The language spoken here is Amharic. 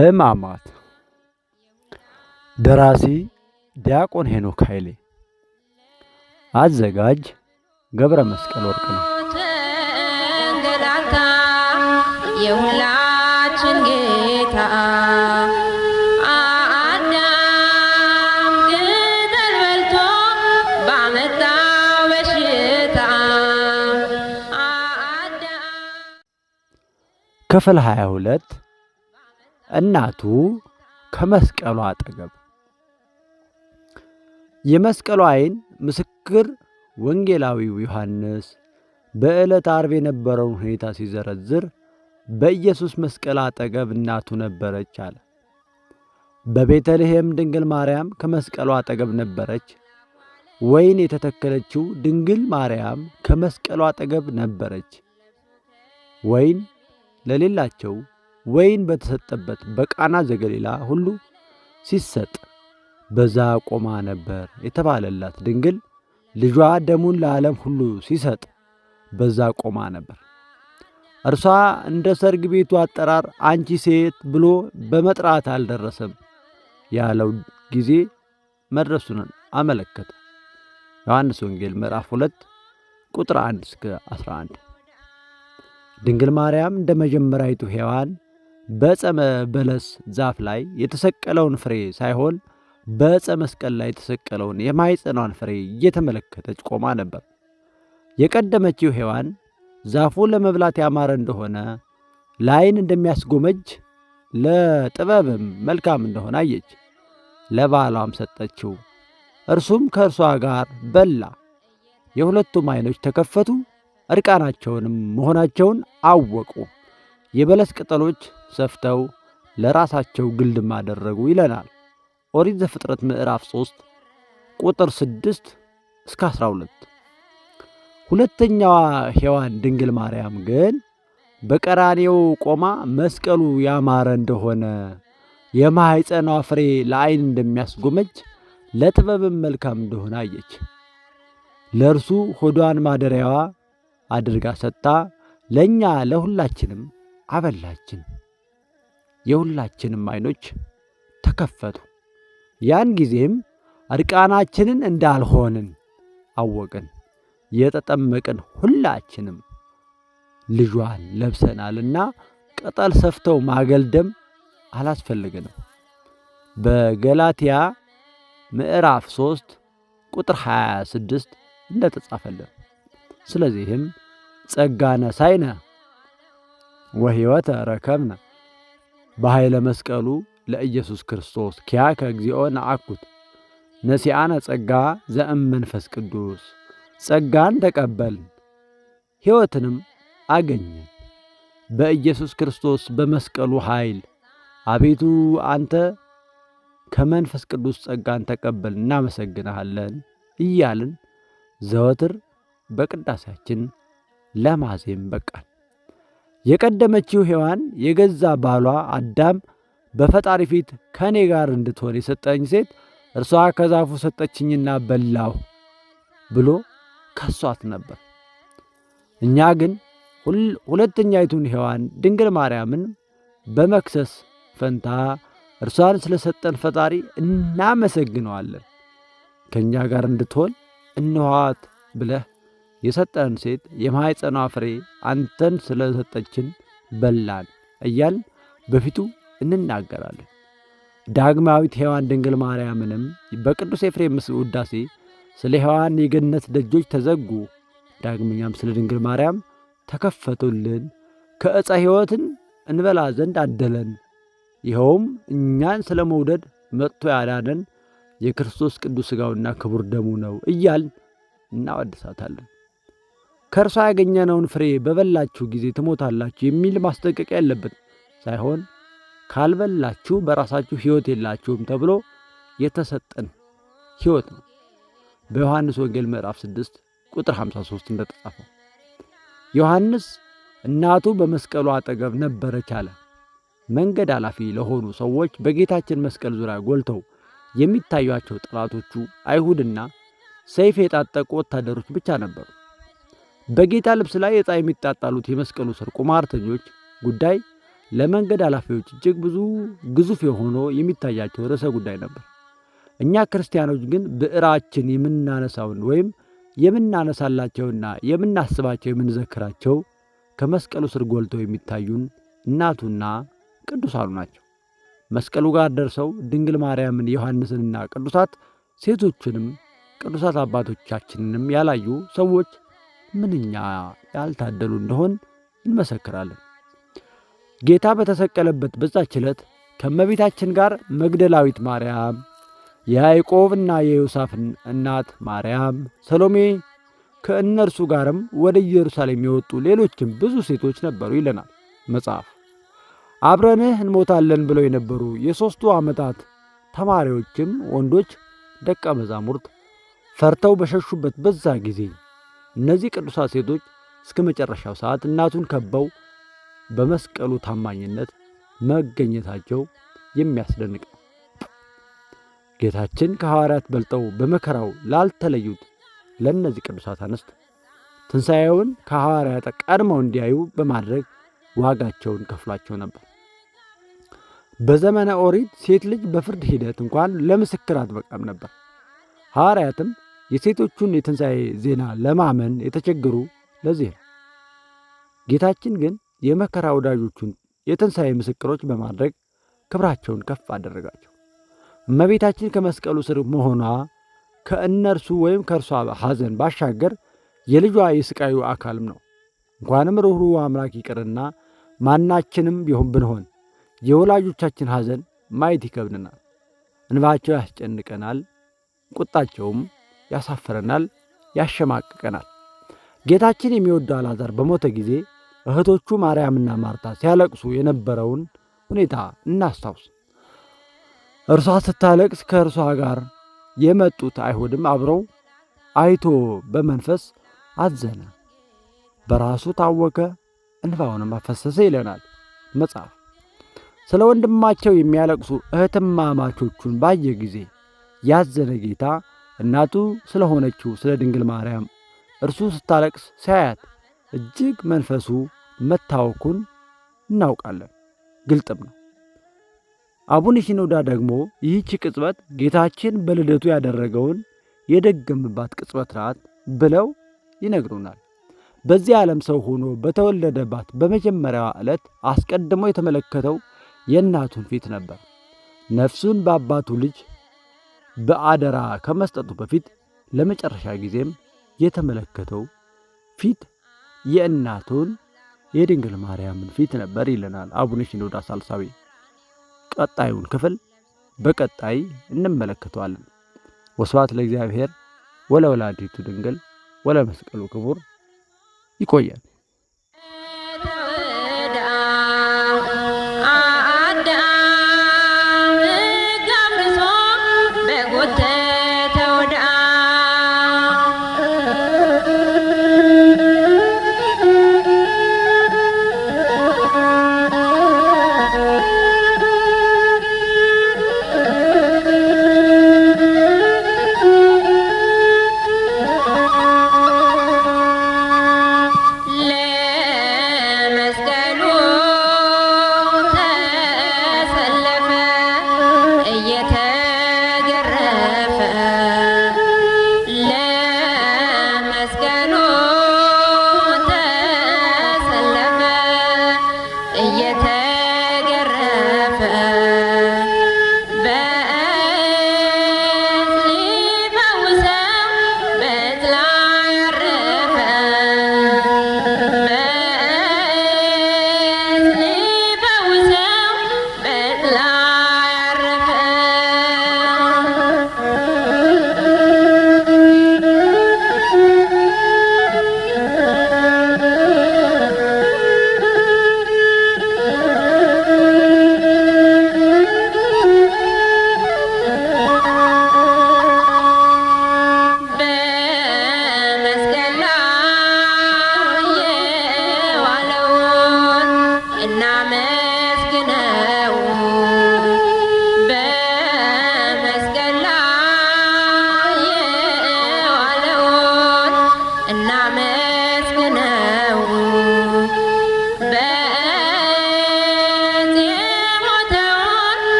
ሕማማት ደራሲ ዲያቆን ሄኖክ ኃይሌ፣ አዘጋጅ ገብረ መስቀል ወርቅ ነው። የሁላችን ጌታ ክፍል 22 እናቱ ከመስቀሉ አጠገብ የመስቀሉ ዓይን ምስክር ወንጌላዊው ዮሐንስ በዕለት አርብ የነበረውን ሁኔታ ሲዘረዝር በኢየሱስ መስቀል አጠገብ እናቱ ነበረች አለ። በቤተልሔም ድንግል ማርያም ከመስቀሉ አጠገብ ነበረች። ወይን የተተከለችው ድንግል ማርያም ከመስቀሉ አጠገብ ነበረች። ወይን ለሌላቸው ወይን በተሰጠበት በቃና ዘገሊላ ሁሉ ሲሰጥ በዛ ቆማ ነበር የተባለላት ድንግል ልጇ ደሙን ለዓለም ሁሉ ሲሰጥ በዛ ቆማ ነበር። እርሷ እንደ ሰርግ ቤቱ አጠራር አንቺ ሴት ብሎ በመጥራት አልደረሰም ያለው ጊዜ መድረሱን አመለከተ። ዮሐንስ ወንጌል ምዕራፍ 2 ቁጥር 1 እስከ 11 ድንግል ማርያም እንደ መጀመሪያይቱ ሔዋን በጸመ በለስ ዛፍ ላይ የተሰቀለውን ፍሬ ሳይሆን በዕፀ መስቀል ላይ የተሰቀለውን የማይጸኗን ፍሬ እየተመለከተች ቆማ ነበር። የቀደመችው ሔዋን ዛፉ ለመብላት ያማረ እንደሆነ፣ ለዓይን እንደሚያስጎመጅ፣ ለጥበብም መልካም እንደሆነ አየች። ለባሏም ሰጠችው፣ እርሱም ከእርሷ ጋር በላ። የሁለቱም ዓይኖች ተከፈቱ፣ እርቃናቸውንም መሆናቸውን አወቁ። የበለስ ቅጠሎች ሰፍተው ለራሳቸው ግልድም አደረጉ ይለናል ኦሪት ዘፍጥረት ምዕራፍ 3 ቁጥር 6 እስከ 12። ሁለተኛዋ ሔዋን ድንግል ማርያም ግን በቀራኔው ቆማ መስቀሉ ያማረ እንደሆነ የማኅፀኗ ፍሬ ለአይን እንደሚያስጎመጅ ለጥበብም መልካም እንደሆነ አየች። ለእርሱ ሆዷን ማደሪያዋ አድርጋ ሰጥታ ለእኛ ለሁላችንም አበላችን። የሁላችንም ዓይኖች ተከፈቱ። ያን ጊዜም እርቃናችንን እንዳልሆንን አወቅን። የተጠመቅን ሁላችንም ልጇን ለብሰናልና ቅጠል ሰፍተው ማገልደም አላስፈልግንም። በገላትያ ምዕራፍ 3 ቁጥር 26 እንደተጻፈልን፣ ስለዚህም ጸጋነ ሳይነ ወሕይወተ ረከብነ በኃይለ መስቀሉ ለኢየሱስ ክርስቶስ ኪያከ እግዚኦ ነአኩት ነሲአነ ጸጋ ዘእም መንፈስ ቅዱስ ጸጋን ተቀበልን ሕይወትንም አገኘን በኢየሱስ ክርስቶስ በመስቀሉ ኃይል። አቤቱ አንተ ከመንፈስ ቅዱስ ጸጋን ተቀበል እናመሰግንሃለን እያልን ዘወትር በቅዳሴያችን ለማዜም በቃል የቀደመችው ሔዋን የገዛ ባሏ አዳም በፈጣሪ ፊት ከእኔ ጋር እንድትሆን የሰጠኝ ሴት እርሷ ከዛፉ ሰጠችኝና በላሁ ብሎ ከሷት ነበር። እኛ ግን ሁለተኛይቱን ሔዋን ድንግል ማርያምን በመክሰስ ፈንታ እርሷን ስለሰጠን ፈጣሪ እናመሰግነዋለን። ከእኛ ጋር እንድትሆን እንኋት ብለህ የሰጠህን ሴት የማኅፀኗ ፍሬ አንተን ስለ ሰጠችን በላን እያል በፊቱ እንናገራለን። ዳግማዊት ሔዋን ድንግል ማርያምንም በቅዱስ ኤፍሬም ውዳሴ ስለ ሔዋን የገነት ደጆች ተዘጉ፣ ዳግመኛም ስለ ድንግል ማርያም ተከፈቱልን፣ ከዕፀ ሕይወትን እንበላ ዘንድ አደለን። ይኸውም እኛን ስለ መውደድ መጥቶ ያዳነን የክርስቶስ ቅዱስ ሥጋውና ክቡር ደሙ ነው እያል እናወድሳታለን። ከእርሷ ያገኘነውን ፍሬ በበላችሁ ጊዜ ትሞታላችሁ የሚል ማስጠንቀቂያ ያለበት ሳይሆን ካልበላችሁ በራሳችሁ ሕይወት የላችሁም ተብሎ የተሰጠን ሕይወት ነው። በዮሐንስ ወንጌል ምዕራፍ 6 ቁጥር 53 እንደተጻፈው ዮሐንስ እናቱ በመስቀሉ አጠገብ ነበረች አለ። መንገድ አላፊ ለሆኑ ሰዎች በጌታችን መስቀል ዙሪያ ጎልተው የሚታዩቸው ጠላቶቹ አይሁድና ሰይፍ የጣጠቁ ወታደሮች ብቻ ነበሩ። በጌታ ልብስ ላይ ዕጣ የሚጣጣሉት የመስቀሉ ስር ቁማርተኞች ጉዳይ ለመንገድ ኃላፊዎች እጅግ ብዙ ግዙፍ የሆኖ የሚታያቸው ርዕሰ ጉዳይ ነበር። እኛ ክርስቲያኖች ግን ብዕራችን የምናነሳውን ወይም የምናነሳላቸውና የምናስባቸው የምንዘክራቸው ከመስቀሉ ስር ጎልተው የሚታዩን እናቱና ቅዱሳኑ ናቸው። መስቀሉ ጋር ደርሰው ድንግል ማርያምን፣ ዮሐንስንና ቅዱሳት ሴቶችንም ቅዱሳት አባቶቻችንንም ያላዩ ሰዎች ምንኛ ያልታደሉ እንደሆን እንመሰክራለን። ጌታ በተሰቀለበት በዛች ዕለት ከእመቤታችን ጋር መግደላዊት ማርያም፣ የያዕቆብና የዮሳፍ እናት ማርያም፣ ሰሎሜ ከእነርሱ ጋርም ወደ ኢየሩሳሌም የወጡ ሌሎችም ብዙ ሴቶች ነበሩ ይለናል መጽሐፍ። አብረንህ እንሞታለን ብለው የነበሩ የሦስቱ ዓመታት ተማሪዎችም ወንዶች ደቀ መዛሙርት ፈርተው በሸሹበት በዛ ጊዜ እነዚህ ቅዱሳት ሴቶች እስከ መጨረሻው ሰዓት እናቱን ከበው በመስቀሉ ታማኝነት መገኘታቸው የሚያስደንቅ ነው። ጌታችን ከሐዋርያት በልጠው በመከራው ላልተለዩት ለእነዚህ ቅዱሳት አንስት ትንሣኤውን ከሐዋርያት ቀድመው እንዲያዩ በማድረግ ዋጋቸውን ከፍሏቸው ነበር። በዘመነ ኦሪት ሴት ልጅ በፍርድ ሂደት እንኳን ለምስክር አትበቃም ነበር። ሐዋርያትም የሴቶቹን የትንሣኤ ዜና ለማመን የተቸገሩ ለዚህ ነው። ጌታችን ግን የመከራ ወዳጆቹን የትንሣኤ ምስክሮች በማድረግ ክብራቸውን ከፍ አደረጋቸው። እመቤታችን ከመስቀሉ ስር መሆኗ ከእነርሱ ወይም ከእርሷ ሐዘን ባሻገር የልጇ የሥቃዩ አካልም ነው። እንኳንም ርኅሩኅ አምላክ ይቅርና ማናችንም ቢሆን ብንሆን የወላጆቻችን ሐዘን ማየት ይከብድናል። እንባቸው ያስጨንቀናል፣ ቁጣቸውም ያሳፍረናል፣ ያሸማቅቀናል። ጌታችን የሚወደው አልዓዛር በሞተ ጊዜ እህቶቹ ማርያምና ማርታ ሲያለቅሱ የነበረውን ሁኔታ እናስታውስ። እርሷ ስታለቅስ ከእርሷ ጋር የመጡት አይሁድም አብረው አይቶ በመንፈስ አዘነ፣ በራሱ ታወከ፣ እንባውንም አፈሰሰ ይለናል መጽሐፍ። ስለ ወንድማቸው የሚያለቅሱ እህትማማቾቹን ባየ ጊዜ ያዘነ ጌታ እናቱ ስለሆነችው ስለ ድንግል ማርያም እርሱ ስታለቅስ ሲያያት እጅግ መንፈሱ መታወኩን እናውቃለን። ግልጥም ነው። አቡነ ሺኖዳ ደግሞ ይህች ቅጽበት ጌታችን በልደቱ ያደረገውን የደገምባት ቅጽበት ናት ብለው ይነግሩናል። በዚህ ዓለም ሰው ሆኖ በተወለደባት በመጀመሪያዋ ዕለት አስቀድሞ የተመለከተው የእናቱን ፊት ነበር። ነፍሱን በአባቱ ልጅ በአደራ ከመስጠቱ በፊት ለመጨረሻ ጊዜም የተመለከተው ፊት የእናቱን የድንግል ማርያምን ፊት ነበር ይለናል አቡነ ሽኖዳ ሳልሳዊ። ቀጣዩን ክፍል በቀጣይ እንመለከተዋለን። ወስብሐት ለእግዚአብሔር ወለወላዲቱ ድንግል ወለመስቀሉ ክቡር። ይቆያል።